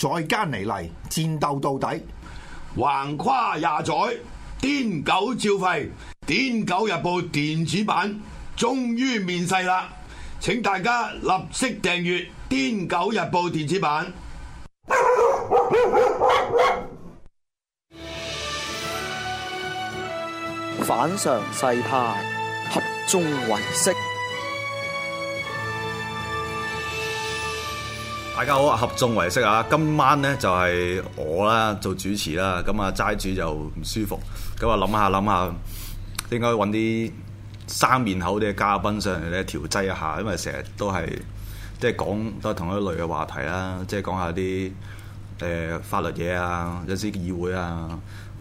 再加尼嚟，戰鬥到底。橫跨廿載，癲狗照吠。癲狗日報電子版終於面世啦，請大家立即訂閱癲狗日報電子版。子版反常世態，合眾唯識。大家好啊！合眾唯識啊！今晚咧就係我啦，做主持啦。咁啊齋主就唔舒服，咁啊諗下諗下，應該揾啲生面口啲嘅嘉賓上嚟咧調劑一下，因為成日都係即係講都係同一類嘅話題啦，即係講下啲誒、呃、法律嘢啊，有啲議會啊，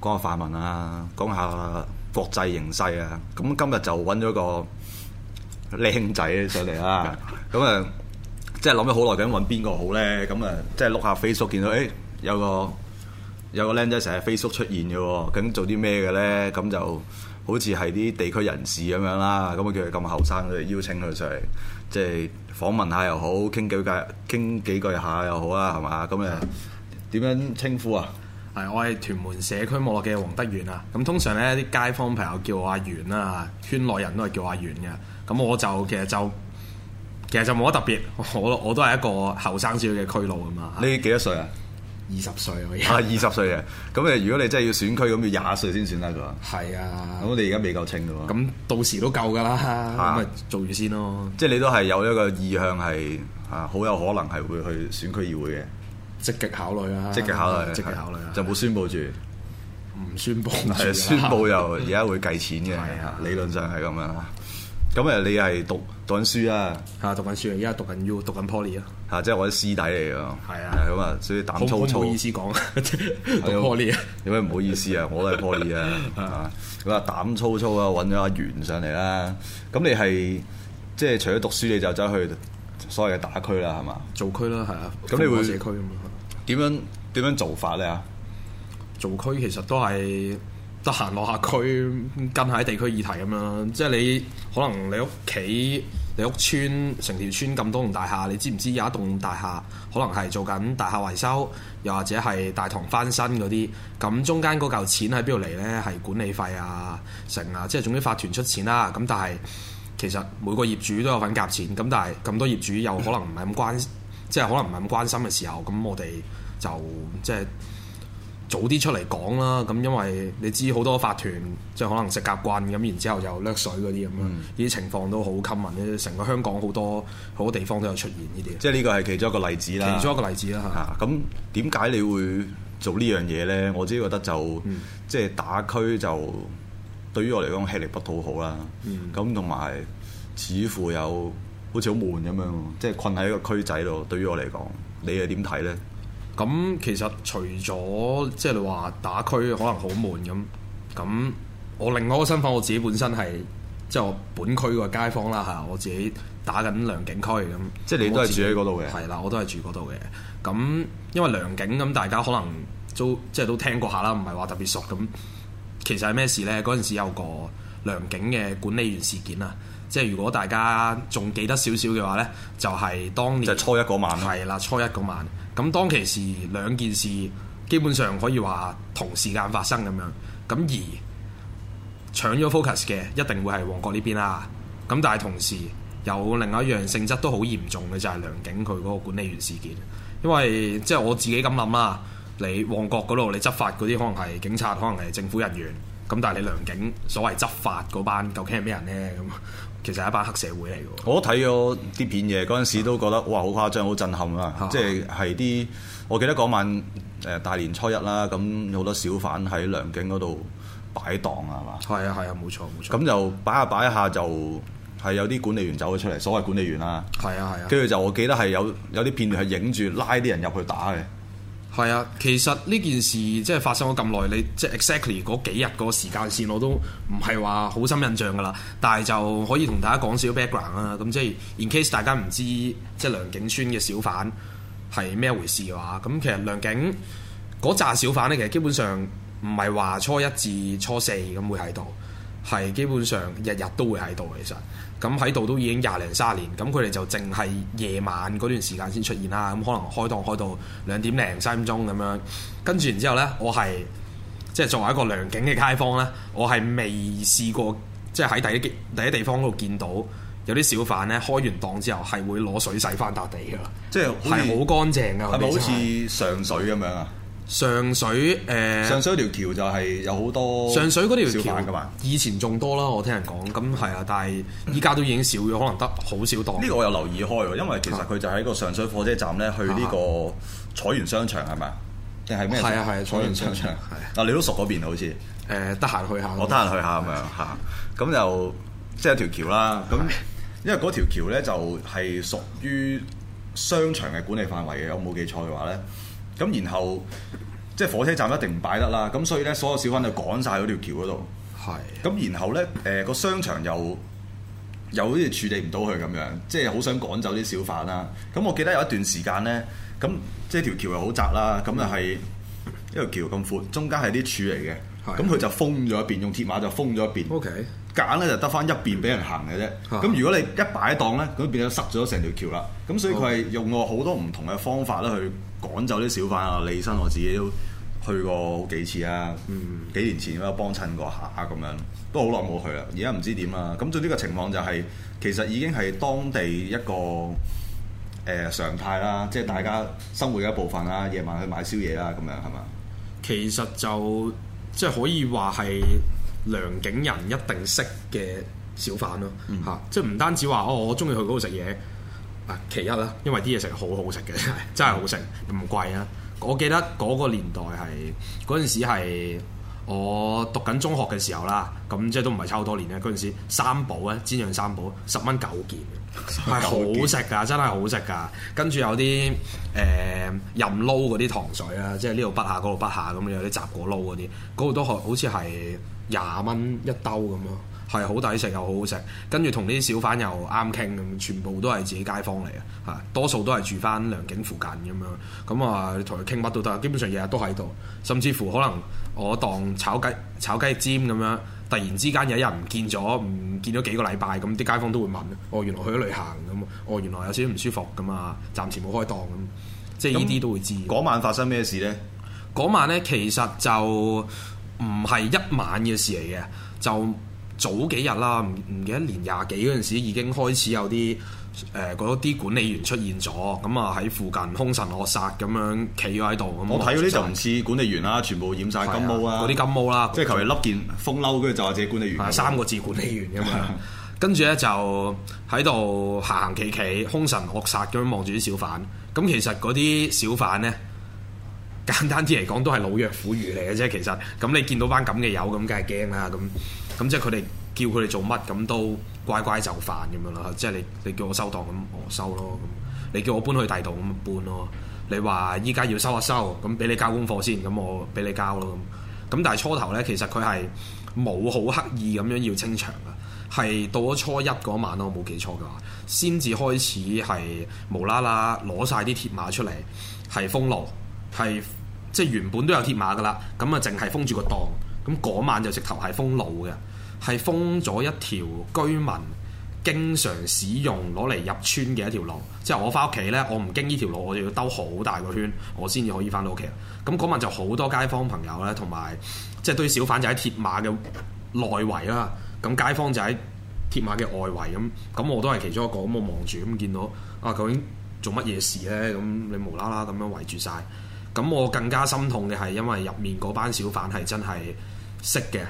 講下泛民啊，講下國際形勢啊。咁今日就揾咗個靚仔上嚟啦，咁啊。 即係諗咗好耐，究竟揾邊個好咧？咁啊，即係碌下 Facebook，見到誒、欸、有個有個靚仔成日 Facebook 出現嘅喎，咁做啲咩嘅咧？咁就好似係啲地區人士咁樣啦。咁啊，叫佢咁後生，佢邀請佢上嚟，即係訪問下又好，傾幾句，傾幾句下又好啊，係嘛？咁啊，點樣稱呼啊？係，我係屯門社區網絡嘅王德源啊。咁通常咧，啲街坊朋友叫阿源啊，圈內人都係叫阿源嘅。咁我就其實就。其實就冇乜特別，我我都係一個後生少少嘅區佬啊嘛。你幾多歲啊？二十歲我而家啊，二十歲嘅，咁誒，如果你真係要選區，咁要廿歲先選得噶。係啊，咁你而家未夠稱噶喎。咁到時都夠㗎啦，咁咪做住先咯。即係你都係有一個意向係啊，好有可能係會去選區議會嘅。積極考慮啊！積極考慮，積極考慮！就冇宣佈住。唔宣佈，宣佈又而家會計錢嘅，理論上係咁樣嚇。咁啊！你係讀讀緊書啊？嚇、啊，讀緊書，而家讀緊 U，讀緊 Poly 啊！嚇，即係我啲師弟嚟㗎。係啊，咁啊，所以膽粗粗。唔好意思講？ 讀 Poly 啊？有咩唔好意思啊？ 我都係 Poly 啊！啊，咁啊，膽粗粗啊，揾咗阿源上嚟啦。咁你係即係除咗讀書，你就走去所謂嘅打區啦，係嘛？做區啦，係啊。咁你會社區咁啊？點樣點樣做法咧？啊，做區其實都係。得閒落下區跟喺地區議題咁樣，即係你可能你屋企、你屋村、成條村咁多棟大廈，你知唔知有一棟大廈可能係做緊大廈維修，又或者係大堂翻新嗰啲？咁中間嗰嚿錢喺邊度嚟呢？係管理費啊、成啊，即係總之法團出錢啦、啊。咁但係其實每個業主都有份夾錢，咁但係咁多業主又可能唔係咁關，即係 可能唔係咁關心嘅時候，咁我哋就即係。早啲出嚟講啦，咁因為你知好多法團即係可能食夾棍咁，然之後又掠水嗰啲咁樣，依啲情況都好 common，呢成個香港好多好多地方都有出現呢啲。即係呢個係其中一個例子啦。其中一個例子啦嚇。咁點解你會做呢樣嘢咧？我自己覺得就、嗯、即係打區就對於我嚟講吃力不討好啦。咁同埋似乎有好似好悶咁樣、嗯，即係困喺一個區仔度。對於我嚟講，你係點睇咧？咁其實除咗即係你話打區可能好悶咁，咁我另外一個身份我自己本身係即係我本區個街坊啦嚇，我自己打緊良景區咁，即係你都係住喺嗰度嘅係啦，我都係住嗰度嘅。咁因為良景咁，大家可能都即係都聽過下啦，唔係話特別熟咁。其實係咩事呢？嗰陣時有個良景嘅管理員事件啊。即係如果大家仲記得少少嘅話呢就係、是、當年，就初一嗰晚，係啦，初一嗰晚。咁當其時兩件事基本上可以話同時間發生咁樣。咁而搶咗 focus 嘅一定會係旺角呢邊啦。咁但係同時有另外一樣性質都好嚴重嘅就係、是、良景佢嗰個管理員事件。因為即係我自己咁諗啦，你旺角嗰度你執法嗰啲可能係警察，可能係政府人員。咁但係你良景所謂執法嗰班究竟係咩人呢？咁 其實係一班黑社會嚟嘅。我睇咗啲片嘢，嗰陣時都覺得哇，好誇張，好震撼係啊！即係係啲，我記得嗰晚誒大年初一啦，咁好多小販喺良景嗰度擺檔啊嘛。係啊係啊，冇錯冇錯。咁就擺下擺下就係有啲管理員走咗出嚟，啊、所謂管理員啦。係啊係啊。跟住、啊、就我記得係有有啲片段係影住拉啲人入去打嘅。係啊，其實呢件事即係發生咗咁耐，你即係 exactly 嗰幾日個時間線，我都唔係話好深印象㗎啦。但係就可以同大家講少少 background 啊，咁即係 in case 大家唔知即係梁景村嘅小販係咩回事嘅話，咁其實梁景嗰紮小販呢，其實基本上唔係話初一至初四咁會喺度。係基本上日日都會喺度，其實咁喺度都已經廿零卅年，咁佢哋就淨係夜晚嗰段時間先出現啦。咁可能開檔開到兩點零三點鐘咁樣，跟住然之後呢，我係即係作為一個良景嘅街坊呢，我係未試過即係喺第一第一地方嗰度見到有啲小販呢，開完檔之後係會攞水洗翻笪地㗎，即係係好乾淨㗎，係咪好似上水咁樣啊？上水誒，上水嗰條橋就係有好多上水嗰條橋，以前仲多啦，我聽人講咁係啊，但係依家都已經少咗，可能得好少檔。呢個我有留意開喎，因為其實佢就喺個上水火車站咧，去呢個彩園商場係咪？定係咩？係啊係啊，彩園商場係啊。你都熟嗰邊好似誒，得閒去下。我得閒去下咁樣嚇，咁就即係條橋啦。咁因為嗰條橋咧就係屬於商場嘅管理範圍嘅，我冇記錯嘅話咧。咁然後，即係火車站一定唔擺得啦，咁所以咧，所有小販就趕晒喺條橋嗰度。係的。咁然後咧，誒、呃、個商場又又好似處理唔到佢咁樣，即係好想趕走啲小販啦。咁我記得有一段時間咧，咁即係條橋又好窄啦，咁又係一條橋咁闊，中間係啲柱嚟嘅，咁佢的就封咗一邊，用鐵馬就封咗一邊。O K。揀咧就得翻一邊俾人行嘅啫，咁、嗯啊、如果你一擺檔咧，咁變咗塞咗成條橋啦，咁、嗯、所以佢係用過好多唔同嘅方法咧去趕走啲小販啊，李生、嗯、我自己都去過好幾次啊，嗯、幾年前都幫襯過下咁樣，都好耐冇去啦，而家唔知點啦。咁最呢個情況就係、是、其實已經係當地一個誒、呃、常態啦，即係大家生活嘅一部分啦，夜晚去買宵夜啦咁樣係嘛？其實就即係可以話係。梁景人一定識嘅小販咯，嚇、嗯！即係唔單止話哦，我中意去嗰度食嘢，嗱其一啦，因為啲嘢食好是 好食嘅，真係好食，唔貴啊！我記得嗰個年代係嗰陣時係。我讀緊中學嘅時候啦，咁即係都唔係差好多年咧。嗰陣時三寶咧，煎釀三寶十蚊九件，係好食噶，真係好食噶。跟住有啲誒、呃、任撈嗰啲糖水啦，即係呢度筆下嗰度筆下咁，有啲雜果撈嗰啲嗰度都好，好似係廿蚊一兜咁咯，係好抵食又好好食。跟住同啲小販又啱傾咁，全部都係自己街坊嚟嘅嚇，多數都係住翻良景附近咁樣咁啊。同佢傾乜都得，基本上日日都喺度，甚至乎可能。我當炒雞炒雞尖咁樣，突然之間有一日唔見咗，唔見咗幾個禮拜，咁啲街坊都會問：哦，原來去咗旅行咁哦，原來有少少唔舒服㗎嘛，暫時冇開檔咁，即係呢啲都會知。嗰晚發生咩事呢？嗰晚呢，其實就唔係一晚嘅事嚟嘅，就早幾日啦，唔唔記得年廿幾嗰陣時已經開始有啲。誒嗰啲管理員出現咗，咁啊喺附近兇神惡煞咁樣企咗喺度。我睇嗰啲就唔似管理員啦，全部染晒金毛啊！啲、啊、金毛啦、啊，即係求其笠件風褸，跟住就話自己管理員。係、啊、三個字管理員㗎嘛。跟住咧就喺度行行企企，兇神惡煞咁樣望住啲小販。咁其實嗰啲小販咧，簡單啲嚟講都係老弱婦孺嚟嘅啫。其實，咁你見到班咁嘅友，咁梗係驚啦。咁，咁即係佢哋。叫佢哋做乜咁都乖乖就範咁樣啦，即係你你叫我收檔咁我收咯咁，你叫我搬去第度咁搬咯。你話依家要收一收咁，俾你交功課先咁，我俾你交咯咁。咁但係初頭呢，其實佢係冇好刻意咁樣要清場㗎，係到咗初一嗰晚我冇記錯嘅話，先至開始係無啦啦攞晒啲鐵馬出嚟係封路，係即係原本都有鐵馬嘅啦，咁啊淨係封住個檔，咁嗰晚就直頭係封路嘅。係封咗一條居民經常使用攞嚟入村嘅一條路，即係我翻屋企呢，我唔經呢條路，我就要兜好大個圈，我先至可以翻到屋企。咁嗰晚就好多街坊朋友呢，同埋即係對小販就喺鐵馬嘅內圍啦。咁街坊就喺鐵馬嘅外圍咁，咁我都係其中一個咁，我望住咁見到啊，究竟做乜嘢事呢？咁你無啦啦咁樣圍住晒。咁我更加心痛嘅係因為入面嗰班小販係真係識嘅。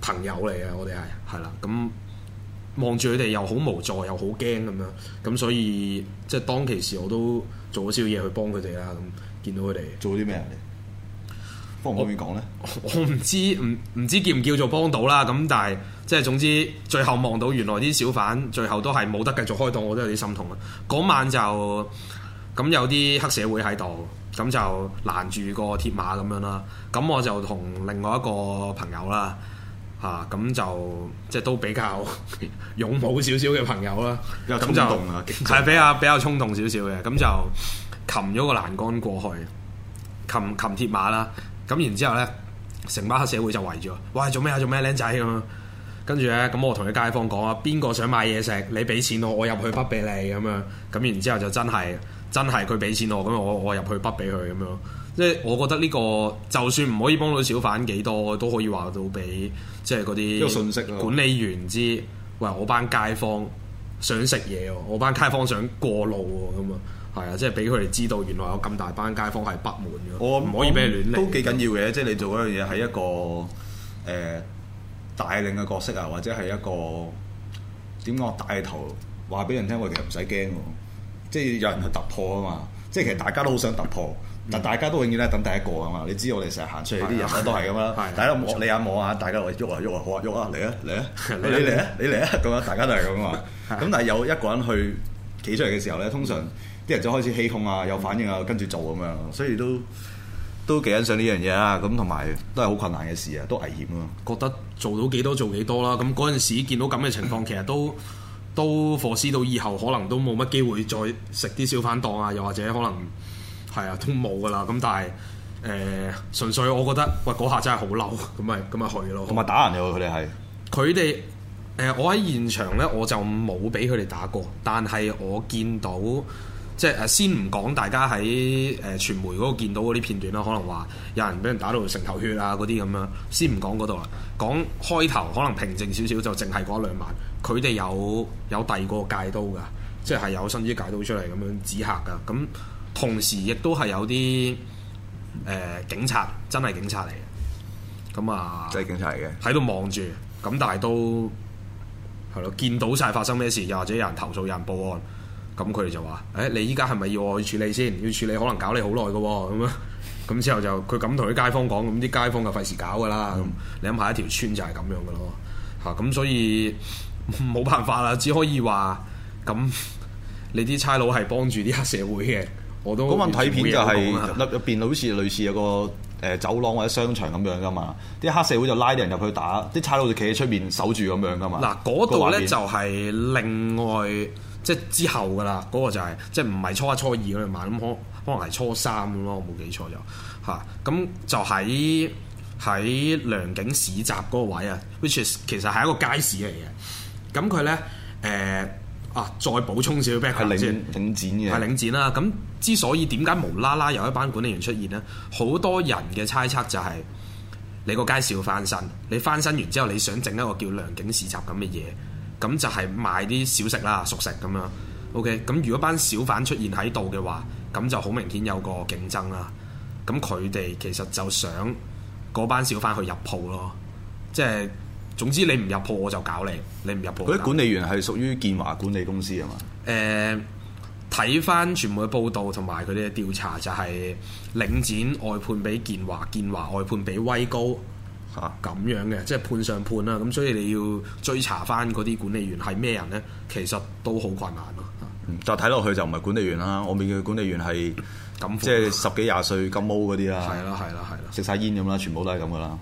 朋友嚟嘅，我哋係係啦，咁望住佢哋又好無助，又好驚咁樣，咁所以即係當其時我都做咗少嘢去幫佢哋啦。咁見到佢哋做啲咩咧？方唔方便講呢？我唔知唔唔知叫唔叫做幫到啦。咁但係即係總之最後望到原來啲小販最後都係冇得繼續開檔，我都有啲心痛啦。嗰晚就咁有啲黑社會喺度，咁就攔住個鐵馬咁樣啦。咁我就同另外一個朋友啦。嚇咁，啊、就即係都比較勇武少少嘅朋友啦，又衝動係比較比較衝動少少嘅，咁 就擒咗個欄杆過去，擒擒鐵馬啦。咁然之後呢，成班黑社會就圍住，喂，做咩啊做咩，靚仔咁。跟住呢，咁我同啲街坊講啊，邊個想買嘢食，你俾錢我，我入去不俾你咁樣。咁然之後，後就真係真係佢俾錢我，咁我我入去不俾佢咁樣。即係我覺得呢、呢個就算唔可以幫到小販幾多，都可以話到俾即係嗰啲管理員知，喂我班街坊想食嘢喎，我班街坊想過路喎，咁啊係啊，即係俾佢哋知道原來有咁大班街坊係我不滿嘅，我唔可以俾你亂嚟、嗯、都幾緊要嘅。嗯、即係你做一樣嘢係一個誒帶、呃、領嘅角色啊，或者係一個點我帶頭話俾人聽，我哋唔使驚嘅，即係有人去突破啊嘛。即係其實大家都好想突破。 嗱，大家都永遠咧等第一個啊嘛，你知我哋成日行出嚟啲人都係咁啦。大家摸你啊摸下，大家喎喐啊喐啊，好啊喐啊，嚟啊嚟啊，你嚟啊你嚟啊咁啊， 大家都係咁㗎嘛。咁 的但係有一個人去企出嚟嘅時候咧， 通常啲人就開始起哄啊，有反應啊，跟住做咁樣，所以都 都幾欣賞呢樣嘢啊。咁同埋都係好困難嘅事啊，都危險啊。覺得做到幾多做幾多啦。咁嗰陣時見到咁嘅情況，其實都 其實都駁屍到以後可能都冇乜機會再食啲小販檔啊，又或者可能。係啊，都冇噶啦。咁但係，誒、呃、純粹我覺得，喂嗰下，那個、真係好嬲，咁咪咁咪去咯。同埋打人又佢哋係佢哋誒，我喺現場呢，我就冇俾佢哋打過。但係我見到即係先唔講，大家喺誒傳媒嗰度見到嗰啲片段啦，可能話有人俾人打到成頭血啊嗰啲咁樣。先唔講嗰度啦，講開頭可能平靜少少，就淨係講兩晚。佢哋有有第二個戒刀噶，即係有新一戒刀出嚟咁樣指嚇噶咁。同時，亦都係有啲誒、呃、警察，真係警察嚟嘅咁啊，真係警察嚟嘅喺度望住咁，但係都係咯，見到晒發生咩事，又或者有人投訴，有人報案，咁佢哋就話：誒、欸，你依家係咪要我去處理先？要處理可能搞你好耐嘅喎，咁樣咁之後就佢咁同啲街坊講，咁啲街坊就費事搞㗎啦。咁、嗯、你諗下，一條村就係咁樣嘅咯嚇。咁所以冇辦法啦，只可以話咁你啲差佬係幫住啲黑社會嘅。嗰漫睇片就係入入邊好似類似有個誒走廊或者商場咁樣噶嘛，啲黑社會就拉啲人入去打，啲差佬就企喺出面守住咁樣噶嘛。嗱裡，嗰度咧就係另外即係、就是、之後噶啦，嗰、那個就係即係唔係初一初二嗰陣嘛，咁可可能係初三咁咯，我冇記錯就吓，咁就喺喺良景市集嗰個位啊，which is 其實係一個街市嚟嘅。咁佢咧誒。呃啊、再補充少少背景先，係領展嘅，係領展啦。咁之所以點解無啦啦有一班管理員出現呢？好多人嘅猜測就係、是、你個街市要翻身，你翻身完之後你想整一個叫良景市集咁嘅嘢，咁就係賣啲小食啦、熟食咁樣。OK，咁如果班小販出現喺度嘅話，咁就好明顯有個競爭啦。咁佢哋其實就想嗰班小販去入鋪咯，即係。總之你唔入鋪我就搞你，你唔入鋪。嗰啲管理員係屬於建華管理公司吖嘛？誒、呃，睇翻全部嘅報道同埋佢哋嘅調查，就係領展外判俾建華，建華外判俾威高，吓咁樣嘅，即係判上判啦。咁所以你要追查翻嗰啲管理員係咩人咧？其實都好困難咯。嗯，就睇落去就唔係管理員啦，我面嘅管理員係金，即係十幾廿歲咁，毛嗰啲啦。係啦，係啦，係啦，食晒煙咁啦，全部都係咁噶啦。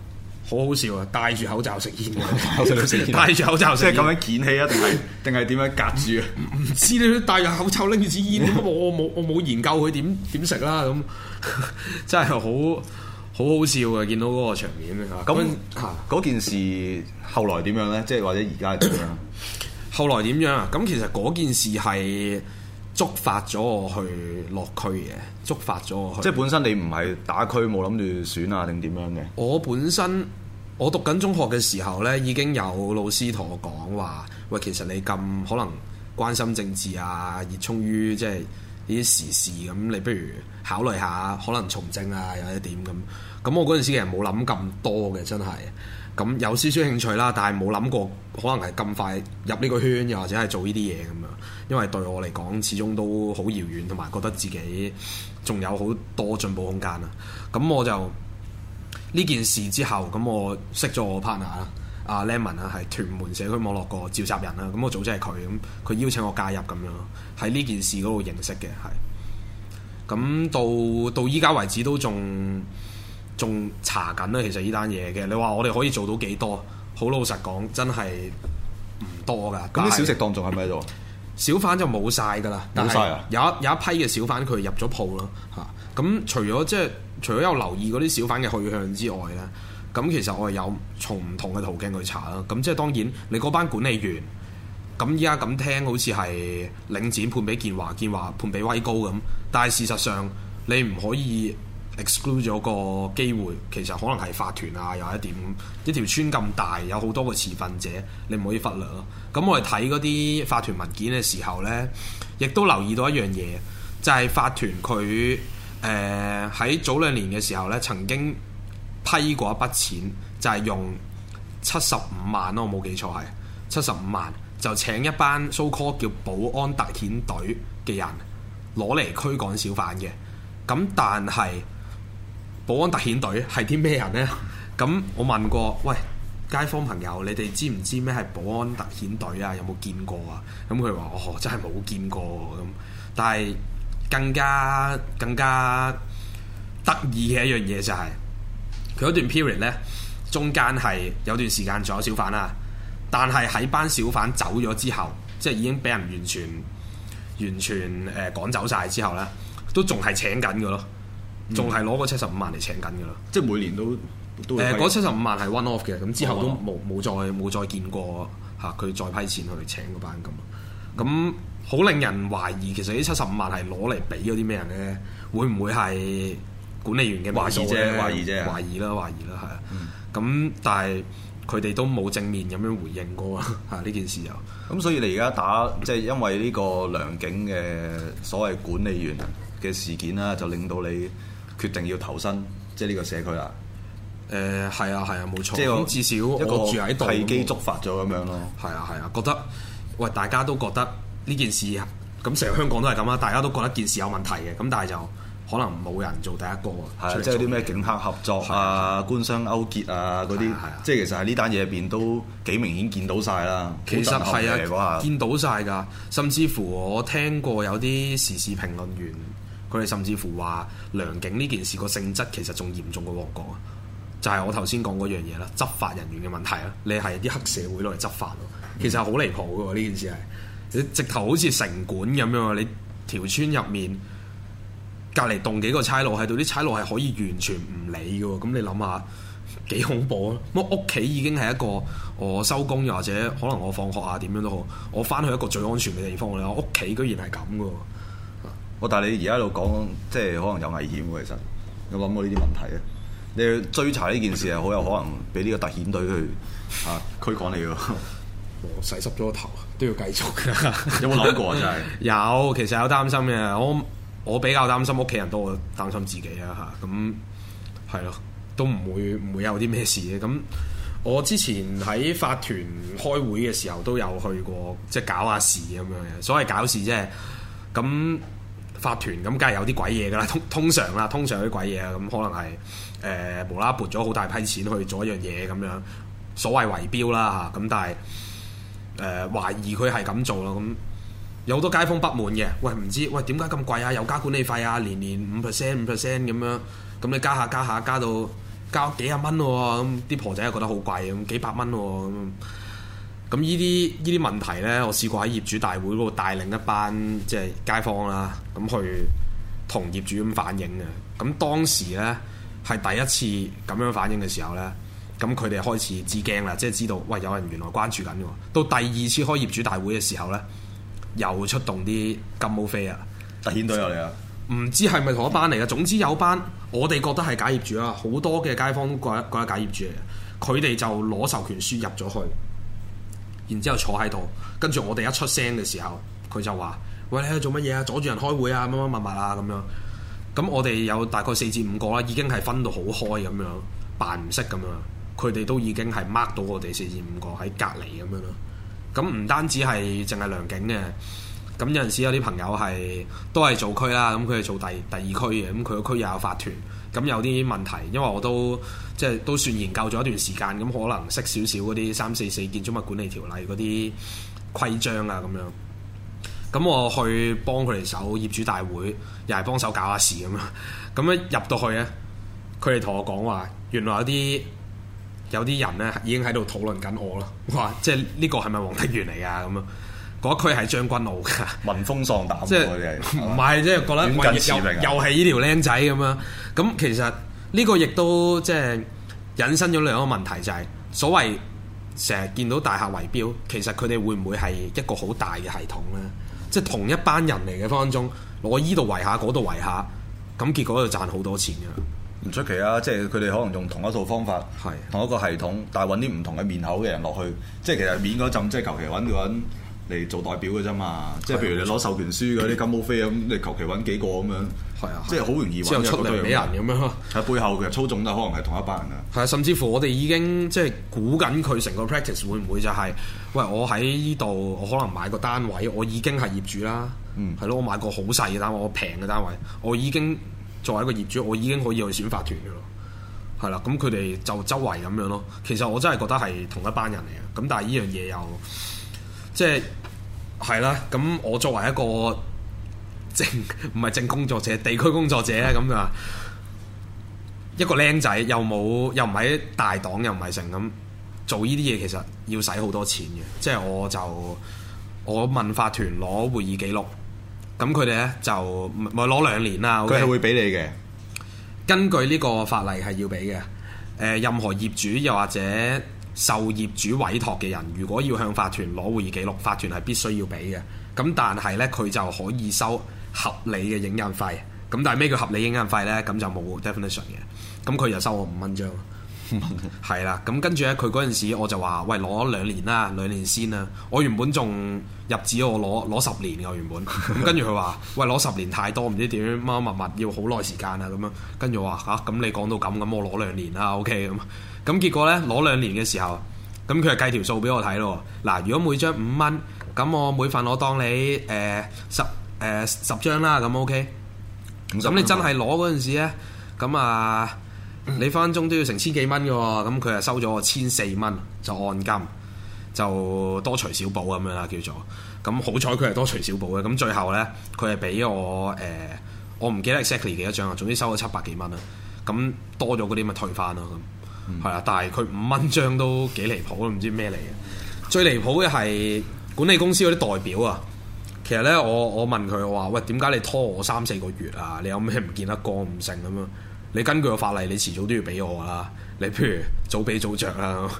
好好笑啊！戴住口罩食煙，戴住口罩食煙，咁樣攪起一睇，定係點樣隔住啊？唔知你戴住口罩拎住支煙，我冇我冇研究佢點點食啦咁，真係好好好笑啊！見到嗰個場面咁，咁啊，咁嗰件事後來點樣咧？即係或者而家點樣？後來點樣啊？咁其實嗰件事係，觸發咗我去落區嘅，觸發咗我去。即係本身你唔係打區冇諗住選啊定點樣嘅？我本身我讀緊中學嘅時候呢，已經有老師同我講話，喂，其實你咁可能關心政治啊，熱衷於即係呢啲時事咁，你不如考慮下可能從政啊，或者點咁。咁我嗰陣時嘅人冇諗咁多嘅，真係咁有少少興趣啦。但係冇諗過可能係咁快入呢個圈，又或者係做呢啲嘢咁樣。因為對我嚟講，始終都好遙遠，同埋覺得自己仲有好多進步空間啊。咁我就呢件事之後，咁我識咗我 partner 啊，阿 Lemon 啊，係屯門社區網絡個召集人啦。咁我組長係佢咁，佢邀請我加入咁樣喺呢件事嗰度認識嘅，係咁到到依家為止都仲。仲查緊啊！其實呢單嘢嘅，你話我哋可以做到幾多？好老實講，真係唔多噶。咁啲小食檔仲喺咪喺度？是是 小販就冇晒噶啦，冇晒。啊！有有一批嘅小販佢入咗鋪啦嚇。咁、啊、除咗即係除咗有留意嗰啲小販嘅去向之外咧，咁其實我哋有從唔同嘅途徑去查啦。咁即係當然，你嗰班管理員咁依家咁聽，好似係領展判俾建華，建華判俾威高咁，但係事實上你唔可以。exclude 咗個機會，其實可能係法團啊，又一點一條村咁大，有好多個持份者，你唔可以忽略咯。咁我哋睇嗰啲法團文件嘅時候呢，亦都留意到一樣嘢，就係、是、法團佢誒喺早兩年嘅時候呢曾經批過一筆錢，就係、是、用七十五萬咯，我冇記錯係七十五萬，就請一班 so called 叫保安特遣隊嘅人攞嚟驅趕小販嘅。咁但係保安特遣隊係啲咩人呢？咁我問過，喂街坊朋友，你哋知唔知咩係保安特遣隊啊？有冇見過啊？咁佢話：哦，真係冇見過咁、啊。但係更加更加得意嘅一樣嘢就係佢嗰段 period 呢，中間係有段時間仲有小販啦、啊，但係喺班小販走咗之後，即係已經俾人完全完全誒、呃、趕走晒之後呢，都仲係請緊㗎咯。仲係攞嗰七十五萬嚟請緊㗎啦，即係每年都都誒嗰七十五萬係 one off 嘅，咁之後都冇冇再冇再見過嚇佢再批錢去請嗰班咁咁好令人懷疑，其實呢七十五萬係攞嚟俾嗰啲咩人咧？會唔會係管理員嘅懷疑啫？懷疑啫，懷疑啦，懷疑啦，係啊、嗯，咁但係佢哋都冇正面咁樣回應過啊呢 件事又，咁所以你而家打即係、就是、因為呢個良景嘅所謂管理員嘅事件啦，就令到你。決定要投身即係呢個社區啦。誒係、嗯、啊係啊冇錯。即係至少一個契機我觸發咗咁樣咯、嗯。係啊係啊覺得，喂大家都覺得呢件事咁成香港都係咁啦，大家都覺得,件事,都都覺得件事有問題嘅。咁但係就可能冇人做第一個。係、啊、即係啲咩警黑合作啊、啊官商勾結啊嗰啲，啊啊、即係其實喺呢單嘢入邊都幾明顯見到晒啦。嗯、其實係啊，當時 見到晒㗎。甚至乎我聽過有啲時事評論員。佢哋甚至乎話梁景呢件事個性質其實仲嚴重過旺角啊！就係、是、我頭先講嗰樣嘢啦，執法人員嘅問題啦，你係啲黑社會攞嚟執法喎，其實好離譜㗎喎呢件事係，你直頭好似城管咁樣，你條村入面隔離棟幾個差佬，喺度，啲差佬係可以完全唔理㗎喎，咁你諗下幾恐怖啊！乜屋企已經係一個我收工又或者可能我放學啊點樣都好，我翻去一個最安全嘅地方我屋企居然係咁㗎喎！我但係你而家喺度講，即係可能有危險喎。其實有諗過呢啲問題咧？你追查呢件事係好有可能俾呢個特遣隊去啊驅趕你喎。我洗濕咗個頭，都要繼續㗎。 有冇諗過真係？ 有，其實有擔心嘅。我我比較擔心屋企人都會擔心自己啊嚇。咁係咯，都唔會唔會有啲咩事嘅。咁我之前喺法團開會嘅時候都有去過，即係搞下事咁樣嘅。所謂搞事啫。咁。法團咁，梗係有啲鬼嘢噶啦，通通常啦，通常有啲鬼嘢啊，咁可能係誒無啦啦撥咗好大批錢去做一樣嘢咁樣，所謂圍標啦嚇，咁、啊、但係誒、呃、懷疑佢係咁做咯，咁有好多街坊不滿嘅，喂唔知喂點解咁貴啊？又加管理費啊，年年五 percent 五 percent 咁樣，咁你加下加下加到交幾十啊蚊喎，咁啲婆仔又覺得好貴咁幾百蚊喎咁。咁呢啲依啲問題呢，我試過喺業主大會嗰度帶領一班即係街坊啦，咁去同業主咁反映嘅。咁當時呢，係第一次咁樣反映嘅時候呢，咁佢哋開始至驚啦，即係知道喂有人原來關注緊嘅。到第二次開業主大會嘅時候呢，又出動啲金毛飛啊，特遣隊又嚟啦。唔知係咪同一班嚟嘅？總之有班我哋覺得係假業主啊，好多嘅街坊都覺得覺得假業主嚟。佢哋就攞授權書入咗去。然之後坐喺度，跟住我哋一出聲嘅時候，佢就話：喂，你喺度做乜嘢啊？阻住人開會啊？乜乜物物啊？咁樣咁，樣樣我哋有大概四至五個啦，已經係分到好開咁樣，扮唔識咁樣，佢哋都已經係 mark 到我哋四至五個喺隔離咁樣啦。咁唔單止係淨係良景嘅，咁有陣時有啲朋友係都係做區啦，咁佢係做第第二區嘅，咁佢個區又有法團。咁有啲問題，因為我都即係都算研究咗一段時間，咁可能識少少嗰啲三四四建築物管理條例嗰啲規章啊，咁樣。咁我去幫佢哋守業主大會，又係幫手搞下事咁樣。咁一入到去咧，佢哋同我講話，原來有啲有啲人咧已經喺度討論緊我啦。哇！即係呢個係咪王德源嚟啊？咁樣。嗰區係將軍澳㗎，聞風喪膽，即係佢哋唔係即係覺得遠近馳名，又係呢條僆仔咁樣。咁其實呢個亦都即係引申咗兩個問題，就係所謂成日見到大廈圍標，其實佢哋會唔會係一個好大嘅系統咧？即係同一班人嚟嘅方中，攞呢度圍下，嗰度圍下，咁結果就賺好多錢㗎喇。唔出奇啊！即係佢哋可能用同一套方法，係同一個系統，但係揾啲唔同嘅面口嘅人落去，即係其實免嗰陣，即係求其揾揾。嚟做代表嘅啫嘛，即係譬如你攞授權書嗰啲錯金毛飛咁，你求其揾幾個咁樣，係啊，即係好容易。之後出嚟俾人咁樣，喺背後嘅操縱都可能係同一班人啊。係啊，甚至乎我哋已經即係估緊佢成個 practice 會唔會就係、是，喂，我喺呢度，我可能買個單位，我已經係業主啦，嗯，係咯、啊，我買個好細嘅單位，我平嘅單位，我已經作為一個業主，我已經可以去選法團嘅咯，係啦、啊，咁佢哋就周圍咁樣咯。其實我真係覺得係同一班人嚟嘅，咁但係呢樣嘢又。即係，係啦。咁我作為一個正唔係正工作者，地區工作者咁啊，就一個靚仔又冇，又唔係大黨，又唔係成咁做呢啲嘢，其實要使好多錢嘅。即係我就我問法團攞會議記錄，咁佢哋呢就咪攞兩年啦。佢、okay? 係會俾你嘅，根據呢個法例係要俾嘅。任何業主又或者。受業主委託嘅人，如果要向法團攞會議記錄，法團係必須要俾嘅。咁但係呢，佢就可以收合理嘅影印費。咁但係咩叫合理影印費呢？咁就冇 definition 嘅。咁佢就收我五蚊張。係啦。 咁跟住呢，佢嗰陣時我就話：喂，攞兩年啦，兩年先啦、啊。我原本仲入紙我攞攞十年我、啊、原本。咁跟住佢話：喂，攞十年太多，唔知點樣乜乜要好耐時間啊。咁樣跟住我話：嚇、啊，咁你講到咁，咁我攞兩年啦、啊、OK 咁。咁結果呢，攞兩年嘅時候，咁佢係計條數俾我睇咯。嗱，如果每張五蚊，咁我每份我當你誒十誒十張啦，咁 OK。咁 50 你真係攞嗰陣時呢，咁啊、呃，你分分鐘都要成千幾蚊嘅，咁佢係收咗我千四蚊就按金，就多除少補咁樣啦，叫做咁好彩佢係多除少補嘅。咁最後呢，佢係俾我誒、呃，我唔記得 exactly 幾多張啊。總之收咗七百幾蚊啦，咁多咗嗰啲咪退翻咯。係啊，但係佢五蚊張都幾離譜，都唔知咩嚟嘅。最離譜嘅係管理公司嗰啲代表啊，其實呢，我我問佢話，喂，點解你拖我三四個月啊？你有咩唔見得光唔成咁啊？你根據個法例，你遲早都要俾我啦。你譬如早俾早着啦、啊。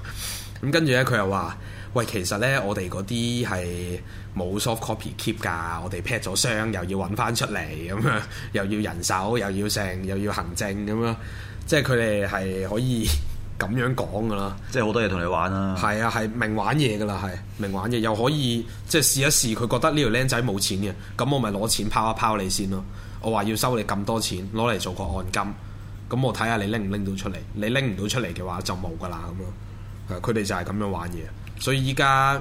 咁、嗯、跟住呢，佢又話，喂，其實呢，我哋嗰啲係冇 soft copy keep 噶。我哋 pack 咗箱又要揾翻出嚟咁啊，又要人手，又要剩，又要行政咁啊，即係佢哋係可以。咁樣講噶啦，即係好多嘢同你玩啦。係啊，係明玩嘢噶啦，係明玩嘢，又可以即係試一試。佢覺得呢條僆仔冇錢嘅，咁我咪攞錢拋一拋你先咯。我話要收你咁多錢，攞嚟做個按金。咁我睇下你拎唔拎到出嚟。你拎唔到出嚟嘅話就，就冇噶啦咁咯。佢哋就係咁樣玩嘢。所以依家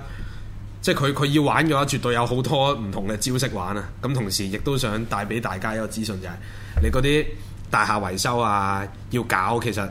即係佢佢要玩嘅話，絕對有好多唔同嘅招式玩啊。咁同時亦都想帶俾大家一個資訊，就係，就係你嗰啲大廈維修啊，要搞其實，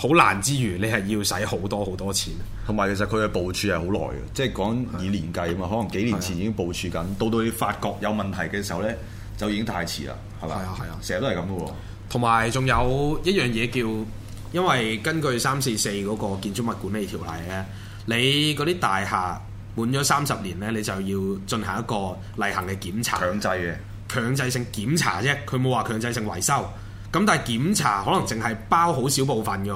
好難之餘，你係要使好多好多錢。同埋其實佢嘅部署係好耐嘅，即係講以年計啊嘛，的可能幾年前已經部署緊，的到到你發覺有問題嘅時候呢，就已經太遲啦，係嘛？係啊係啊，成日都係咁嘅喎。同埋仲有一樣嘢叫，因為根據三四四嗰個建築物管理條例呢，你嗰啲大廈滿咗三十年呢，你就要進行一個例行嘅檢查。強制嘅強制性檢查啫，佢冇話強制性維修。咁但係檢查可能淨係包好少部分㗎，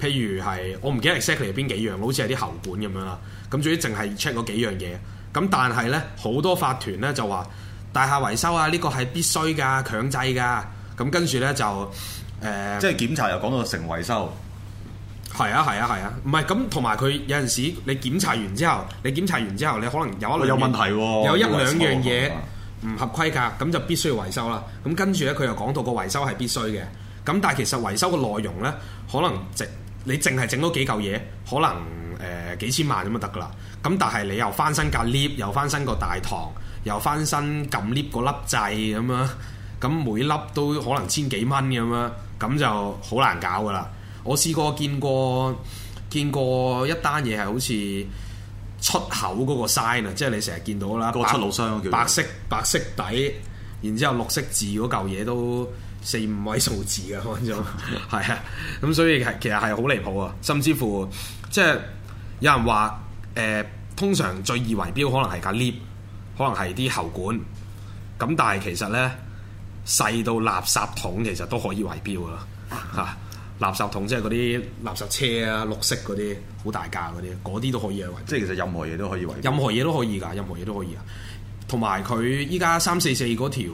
譬如係我唔記得 exactly 邊幾樣，好似係啲喉管咁樣啦。咁仲要淨係 check 嗰幾樣嘢。咁但係呢，好多法團呢就話大廈維修啊，呢、呢個係必須㗎、強制㗎。咁跟住呢就，就、呃、誒，即係檢查又講到成維修。係啊係啊係啊，唔係咁同埋佢有陣時你檢查完之後，你檢查完之後你可能有一有問題、啊，有一兩樣嘢。唔合規格，咁就必須要維修啦。咁跟住呢，佢又講到個維修係必須嘅。咁但係其實維修個內容呢，可能淨你淨係整到幾嚿嘢，可能誒幾千萬咁就得㗎啦。咁但係你又翻新架 lift，又翻新個大堂，又翻新撳 lift 嗰粒掣咁啊，咁每粒都可能千幾蚊咁啊，咁就好難搞㗎啦。我試過見過見過一單嘢係好似～出口嗰個 sign 啊，即係你成日見到啦，個出路白，白色白色底，然之後綠色字嗰嚿嘢都四五位數字嘅嗰咗，係 啊，咁所以其實係好離譜啊，甚至乎即係有人話誒、呃，通常最易圍標可能係架 lift，可能係啲喉管，咁但係其實呢，細到垃圾桶其實都可以圍標啊，嚇！ 垃圾桶即係嗰啲垃圾車啊，綠色嗰啲好大架嗰啲，嗰啲都可以啊！即係其實任何嘢都可以維。任何嘢都可以㗎，任何嘢都可以啊。同埋佢依家三四四嗰條，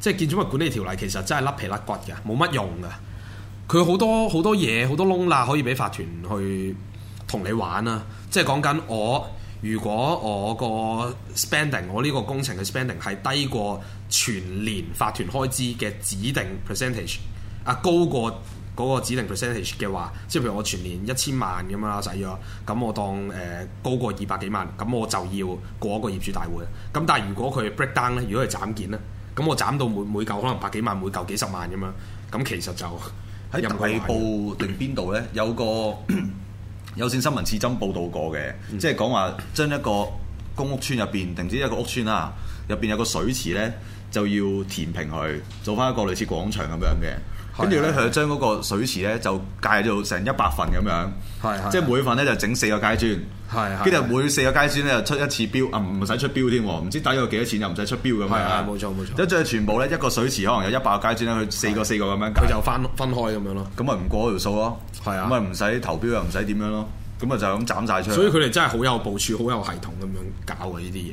即係建築物管理條例，其實真係甩皮甩骨嘅，冇乜用㗎。佢好多好多嘢好多窿啦，可以俾法團去同你玩啊。即係講緊我，如果我個 spending，我呢個工程嘅 spending 係低過全年法團開支嘅指定 percentage，啊高過。嗰個指定 percentage 嘅話，即係譬如我全年一千萬咁樣啦，使咗，咁我當誒、呃、高過二百幾萬，咁我就要過一個業主大會。咁但係如果佢 breakdown 咧，如果係斬件咧，咁我斬到每每嚿可能百幾萬，每嚿幾十萬咁樣，咁其實就喺大埔定邊度咧，呢 有個有線新聞始終報導過嘅，嗯、即係講話將一個公屋村入邊定止一個屋村啊，入邊有個水池咧就要填平佢，做翻一個類似廣場咁樣嘅。跟住咧，佢將嗰個水池咧就界做成一百份咁樣，是是是即係每份咧就整四個階磚，跟住是每四個階磚咧就出一次標，唔唔使出標添，唔知打咗幾多錢又唔使出標咁樣。冇錯冇錯，錯即係全部咧一個水池可能有一百個階磚咧，佢四個是是四個咁樣，樣，佢就分分開咁樣咯。咁咪唔過嗰條數咯，咁咪唔使投標又唔使點樣咯，咁咪就係咁斬晒出。所以佢哋真係好有部署，好有系統咁樣搞嘅呢啲嘢。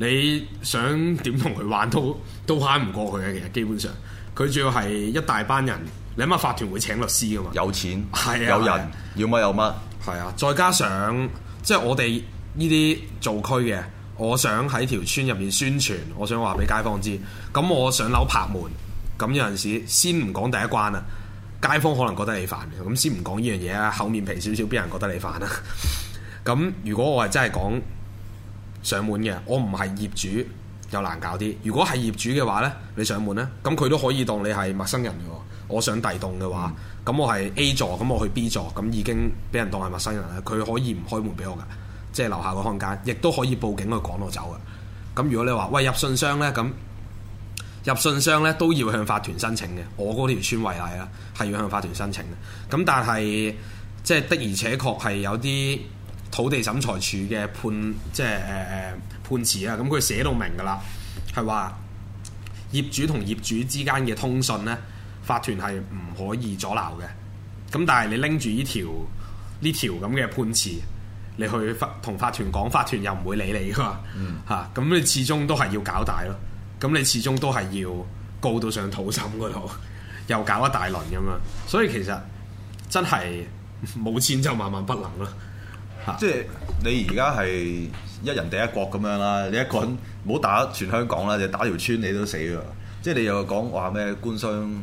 你想點同佢玩都都慳唔過佢嘅，其實基本上。佢仲要係一大班人，你諗下法團會請律師噶嘛？有錢，係啊、有人，啊、要乜有乜，係啊！再加上即係我哋呢啲做區嘅，我想喺條村入面宣傳，我想話俾街坊知，咁我上樓拍門，咁有陣時先唔講第一關啊！街坊可能覺得你煩，咁先唔講呢樣嘢啊，厚面皮少少，邊人覺得你煩啊？咁 如果我係真係講上門嘅，我唔係業主。又難搞啲。如果係業主嘅話呢，你上門呢，咁佢都可以當你係陌生人喎。我上第棟嘅話，咁我係 A 座，咁我去 B 座，咁已經俾人當係陌生人啦。佢可以唔開門俾我㗎，即係樓下個空間，亦都可以報警去趕我走㗎。咁如果你話「喂，入信箱呢？」咁入信箱呢都要向法團申請嘅。我嗰條村為例啦，係要向法團申請嘅。咁但係即係的而且確係有啲土地審裁處嘅判，即係誒誒。呃判詞啊，咁佢寫到明噶啦，係話業主同業主之間嘅通訊呢，法團係唔可以阻撓嘅。咁但係你拎住呢條呢條咁嘅判詞，你去法同法團講，法團又唔會理你噶嘛嚇。咁、嗯啊、你始終都係要搞大咯，咁你始終都係要告到上土審嗰度，又搞一大輪咁啊。所以其實真係冇錢就萬萬不能啦。即係你而家係一人第一國咁樣啦，你一個人唔好打全香港啦，你打條村你都死喎。即係你又講話咩官商誒、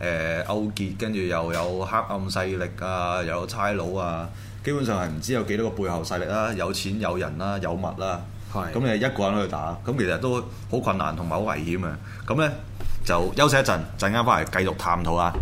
呃、勾結，跟住又有黑暗勢力啊，又有差佬啊，基本上係唔知有幾多個背後勢力啦、啊，有錢有人啦、啊，有物啦、啊。係的。咁你一個人去打，咁其實都好困難同埋好危險啊。咁咧就休息一陣，陣間翻嚟繼續探討啊。